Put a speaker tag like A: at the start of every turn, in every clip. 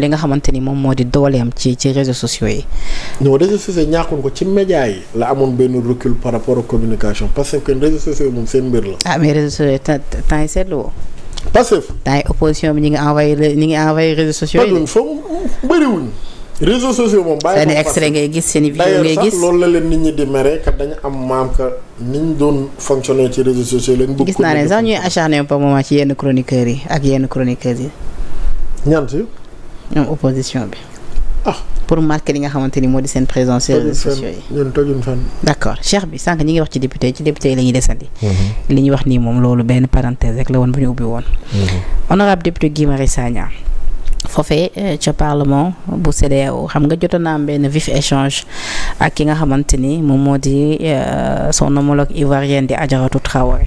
A: li nga xamante ni moom moo di dooleem ci ci réseaux sociaux yi.
B: non réseaux sociaux ñàkkul ko ci média yi. la amoon benn recul par rapport ak communication parce que réseaux sociaux moom seen mbir la.
A: ah mais sociaux yi seetlu yi opposition bi ñi ngi envoyé ñi ngi envoyé réseaux sociaux yi.
B: foofu bëriwuñ. seen extrait ngay gis seen i vidéo ngay gis loolu la leen nit ñi di mere kat dañu ci réseaux sociaux lañ. bëgg gis naa ne sax
A: ñuy acharné par moment ci yenn chroniqueurs yi ak yenn chroniqueuses yi. ñoom opposition bi. ah pour marquer li nga xamante ni moo di seen présence sur yi. ñun tojuñ d' accord Cheikh bi sànq ñi ngi wax ci député ci député yi la ñuy desandi. Mhm. li ñuy wax ni moom loolu benn parenthèse rek la woon bu ñu ubbi woon. Mhm. honorable député Guy Marius Sagna. foofee euh, ca parlement bu CEDEAO xam nga jotoon naa benn vif échange ak ki nga xamante ni moom moo di euh, son homologue ivoirien di Adjaratou Traoré.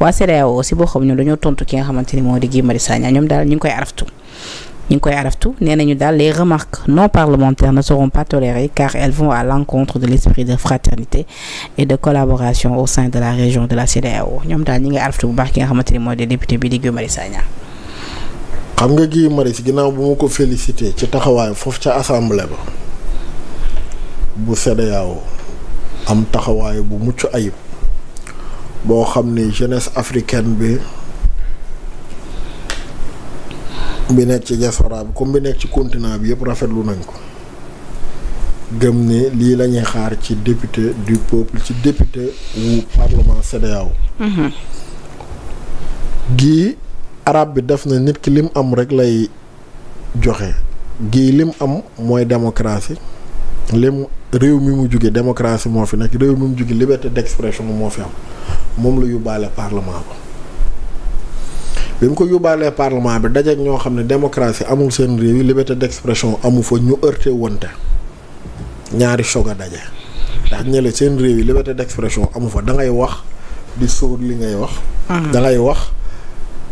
A: waa CEDEAO aussi boo xam ne dañoo tontu ki nga xamante ni moo di Guy Marius Sagna ñoom daal ñu ngi koy araftu ñu ngi koy araftu nee nañu daal les remarques non parlementaires ne seront pas tolérées car elles vont à l'encontre de l'esprit de fraternité et de collaboration au sein de la région de la CEDEAO ñoom daal ñu ngi araftu bu baax ki nga xamante xam
B: nga Guy Marius ginnaaw bu ma ko félicité ci taxawaay foofu ca assemblée ba bu CEDEAO am taxawaay bu mucc ayib boo xam ni jeunesse africaine bi bi nekk ci diaspora bi comme bi nekk ci continent bi yëpp rafetlu nañ ko gëm ni lii lañuy xaar ci député du peuple ci député wu parlement CEDEAO mhm. gii arab bi def na nit ki lim am rek lay joxe gii lim am mooy démocratie lim réew mi mu jóge démocratie moo fi nekk réew mi mu jóge liberté d'expression moo fi am moom la yóbbaale parlement ba bi mu ko yóbbaalee parlement bi dajeek ñoo xam ne démocratie amul seen réew yi liberté d'expression amu fa ñu heurté wante ñaari choc a daje ndax ñële seen réew yi liberté d'expression amu fa da ngay wax di sóor li ngay wax mhm. da ngay wax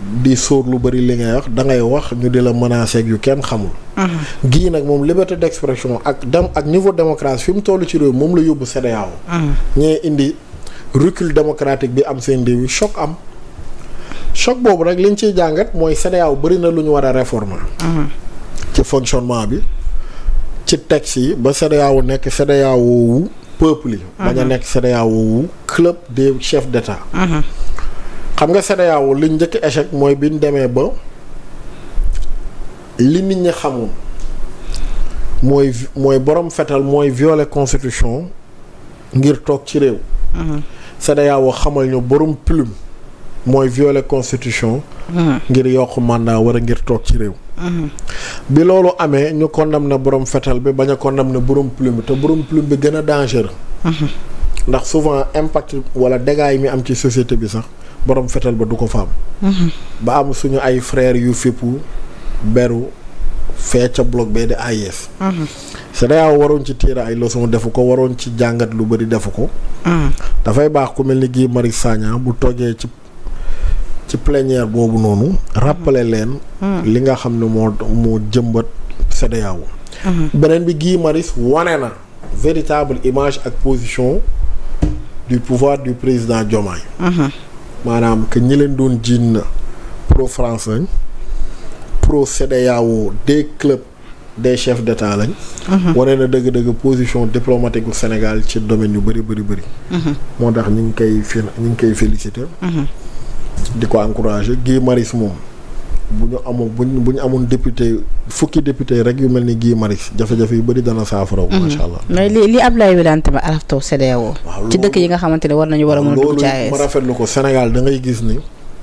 B: di sóor lu bari li ngay wax da ngay wax ñu di la menacer ak yu kenn xamul mhm. gii nag moom liberté d'expression ak dem ak niveau démocratie fi mu toll ci réew moom la yóbbu CEDEAO mhm. ñee indi recul démocratique bi am seen réew yi choc am choc boobu rek liñ ciy jàngat mooy CEDEAO bëri na lu ñu war a réformer mhm. ci fonctionnement bi ci texte yi ba CEDEAO nekk CEDEAO wu peuple yi mhm. bañ a nekk CEDEAO wu club de chefs d'État mhm. xam nga CEDEAO liñ njëkk échec mooy bi demee ba li nit ñi xamul mooy mooy borom fetal mooy violer constitution ngir toog ci réew CEDEAO xamal ñu borom plume mooy violer constitution. Mm-hmm. ngir yokk mandat war a ngir toog ci réew. Mm-hmm. bi loolu amee ñu na borom fetal bi bañ a condamné borom plume bi te borom plume bi gën a dangereux. Mm-hmm. ndax souvent impact wala dégâts yi mi am ci société bi sax borom fetal ba du ko fa am. ba am suñu ay frères yu fippu beru fee ca bloc bee di AIS. CEDEAO waroon ci tiira ay leçon defu ko waroon ci jàngat lu bari defu ko. Mm. dafay baax ku mel ni gii Marius Sagna bu toggee ci ci boobu noonu. rappeler mm. leen. Mm. li nga xam ne moo moo jëmbat CEDEAO. Mm-hmm. beneen bi Guy Marius wane na. véritable image ak position du pouvoir du président Diomaye. Mm-hmm. maanaam que ñi leen doon jiin pro France pro CEDEAO des clubs. des chefs d'état lañ. Mhm. wane na dëgg-dëgg position diplomatique gu Sénégal ci domaine yu bëri bëri bëri. Mhm. moo tax ñu ngi koy fi ñu ngi koy félicité. Mhm. di ko encouragé Guy Marius moom bu ñu amoon bu ñu amoon député fukki député rek yu mel ni Guy Marius jafe-jafe yu bëri dana saafaraw. macha allah
A: mais li li Abdoulaye Wilane tamit araftaw CEDEAO ci dëkk yi nga xamante ne war nañu war a mën a dugg ci AES loolu ma
B: rafetlu ko Sénégal da gis ni.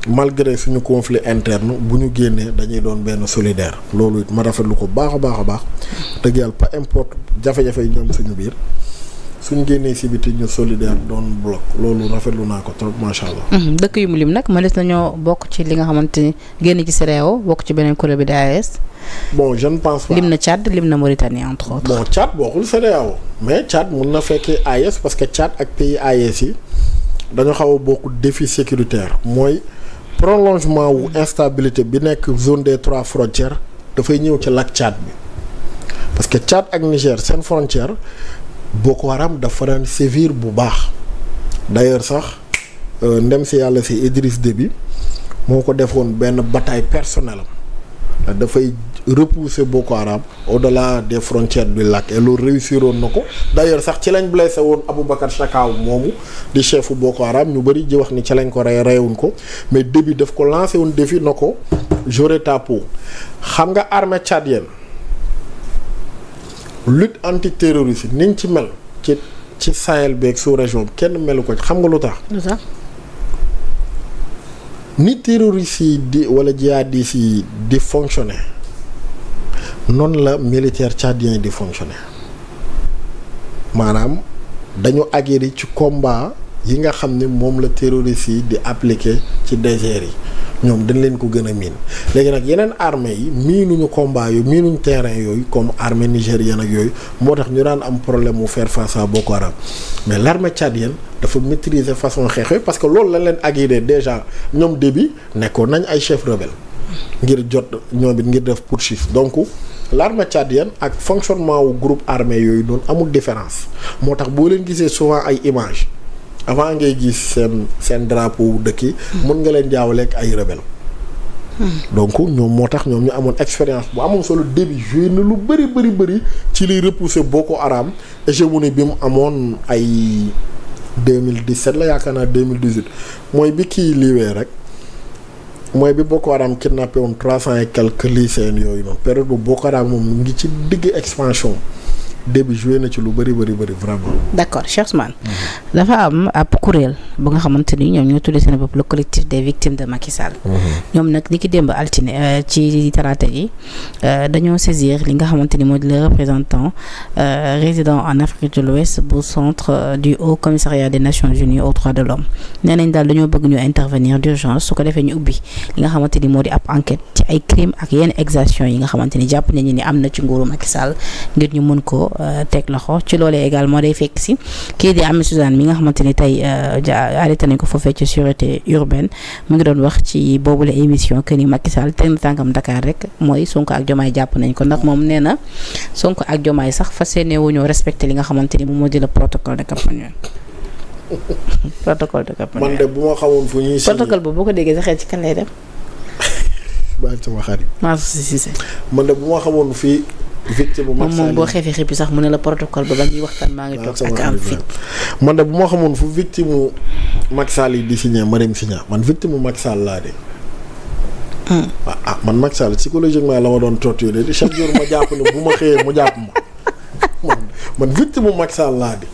B: malgré suñu conflé interne bu ñu génnee dañuy doon benn solidaire loolu it ma rafetlu ko baax a baax a baax dëgg yàlla peu importe jafe-jafe yi ñoom suñu biir suñ génnee si biti ñu solidaire doon bloc loolu rafetlu naa ko trop macha
A: dëkk yu mu lim nag ma des nañoo bokk ci li nga xamante ni génn ci CEDEAO bokk ci beneen kuréel bi di AES. bon je ne pense lim na Tchad lim na Mauritanie entre autres.
B: bon Tchad bokkul CEDEAO mais Tchad mun na fekkee e parce que Tchad ak pays AES yi dañu xaw a bokk défi sécuritaire mooy. prolongement wu instabilité bi nekk zone des trois frontières dafay ñëw ci lac Tchad bi parce que Tchad ak Niger seen frontière Boko Haram dafa daan sévir bu baax d'ailleurs sax euh, ndem si yàlla si Idriss bi moo ko defoon benn bataay personnelle am dafay. repousser Boko Haram au-delà des frontières du lac et loolu réussiroon na ko d'ailleurs sax ci lañ blessé woon Aboubacar Chakaw moomu di chefu Boko Haram ñu bëri ji wax ni ci lañ ko rey reyewuñ ko mais début daf ko lancé woon défi na ko j'aurai ta peau xam nga armée tchadienne lutte antiterroriste niñ ci mel ci ci Sahel beeg sous région kenn melu ko xam nga lu tax. ni terroristes yi di wala jihadistes yi di fonctionner. noonu la militaire tchadien di fonctionner maanaam dañu aguerri ci combat yi nga xam ne moom la terroriste yi di appliquer ci désert yi ñoom dañ leen ko gën a miin léegi nag yeneen armée yi miinuñu combat yooyu miinuñu terrain yooyu comme armée nigérienne ak yooyu moo tax ñu daan am problème mu faire face boo ko Haram mais l'armée tchadienne dafa maîtriser façon xeex yooyu parce que loolu lañ leen aguerri déjà ñoom début nekkoon nañ ay chef rebelle ngir jot ñoom it ngir def poursuite donc l'armée tchadienne ak fonctionnement wu groupe armé yooyu noonu amul différence moo tax boo leen gisee souvent ay images avant ngay gis seen seen drapeau dëkki mën nga leen jaawaleeg ay rebelle donc ñoom moo tax ñoom ñu amoon expérience bu amoon solo début joué na lu bëri bëri bëri ci liy repousser ko Haram hégémonie bi mu amoon ay 2017 la yaakaar naa 2018 mooy bi kii liiwee rek. mooy bi Boko Haram kidnappé woon trois cent et quelques lycéens yooyu noonu période bu Boko Haram moom mu ngi ci digg expansion début joué na ci lu bëri bëri bëri vraiment.
A: d' accord Cheikh Ousmane. dafa am ab kuréel bu nga xamante ni ñoom ñoo tuddee seen bopp le collectif des victimes de Macky Sall. Mm-hmm. ñoom nag ni ki démb altine euh, ci talaata yi euh, dañoo saisir li nga xamante ni moo di la représentant euh, résident en Afrique de l'Ouest bu centre du Haut Commissariat des Nations Unies aux droits de l'homme nee daal dañoo bëgg ñu intervenir d'urgence su ko defee ñu ubbi li nga xamante ni moo di ab enquête ci ay crimes ak yenn exactions yi nga xamante ni jàpp nañu ni am na ci nguuru Macky Sall ngir ñu mën ko teg loxo ci loolee également day fekk si kii di Amé Suzanne mi ni tey Euh, arrêté nañ ko foofee ci sûreté urbaine mu ngi doon wax ci boobu la émission que ni Macky Sall na tànkam Dakar rek mooy Sonko ak Diomaye jàpp nañ ko ndax moom nee na Sonko ak Diomaye sax fas yéene wuñoo respecté li nga xamante ni moom moo di le protocole de campagne protocole de campagne man de bu
B: ma xamoon fu ñuy
A: protocole boobu boo ko déggee sa xel ci kan lay dem.
B: baal sama xarit.
A: maa man de bu ma xamoon fii
B: victime bu moom moom boo xeefee
A: xeef sax mu ne la protocole ba ba ñuy waxtaan maa ngi ah, toog ak am fit
B: man de bu ma xamoon fu victime mu Macky Sall yi di signé ma dem signé man victime mu Macky Sall laa de. Hmm. Ah, ah man Macky Sall psychologiquement la ma doon torturé di chaque jour ma jàpp ne bu ma xëyee mu jàpp ma man victime mu Macky Sall laa de.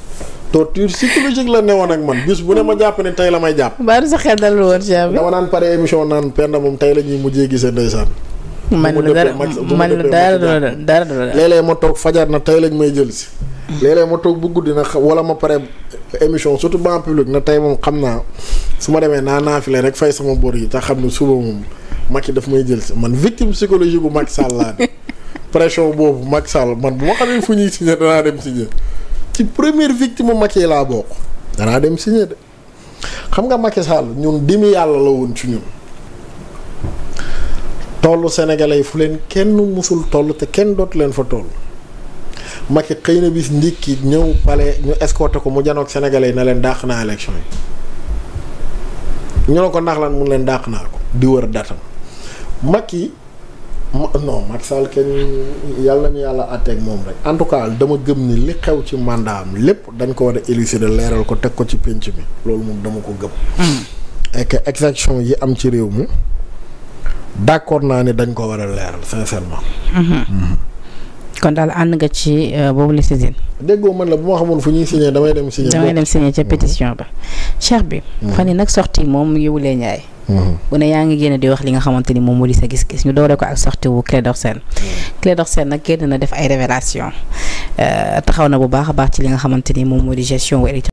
B: torture psychologique la newoon ak man bis bu ne ma jàpp ne tey la may jàpp. baalu sax xel dal woon ci dama naan pare émission naan Penda moom tey la ñuy mujjee gisee ndeysaan. man la dara man la dara dara léeg-léeg ma toog fajar na tey lañ may jël si. Hmm. léeg-léeg guddi na wala ma pare émission surtout ban public na tey moom xam naa su demee naa naafile rek fay sama bor yi te xam ne suba moom Macky daf may jël si man victime psychologique bu Macky Sall laa pression boobu Macky Sall man bu ma xamee fu ñuy signé danaa dem signé ci première victime Macky laa bokk danaa dem signé de xam nga Macky Sall ñun dimi yàlla la woon ci ñun. tollu sénégalais yi fu leen kenn musul toll te kenn dootu leen fa toll Macky xëy na bis ndikki ñëw pale ñu escorté ko mu janook sénégalais yi na leen dàq naa élection yi ñu ne ko ndax lan mun leen dàq naa ko di wër datam Macky non Macky Sall kenn yàlla nañu yàlla àtteeg moom rek en tout cas dama gëm ni li xew ci màndaa am lépp dañ ko war a de leeral ko teg ko ci pénc mi loolu moom dama ko gëm. Hmm. et que yi am ci réew mi. d'accord naa ne dañ ko war a leeral sincèrement. Mhm. Mhm.
A: kon daal ànd nga ci euh, boobu la saisine.
B: déggoo man la bu ma xamoon fu ñuy
A: signé damay dem. signé damay dem signé ca mhm. pétition ba. cheikh bi. fan yi nag sorti moom yëwulee ñaay. bu ne yaa ngi génn di wax li nga xamante ni moom moo di sa gis-gis ñu dooree ko ak sorti wu Clédor Sène. Clédor Sène nag génn na def ay révélation euh, taxaw na bu baax a baax ci li nga xamante ni moom moo di gestion wu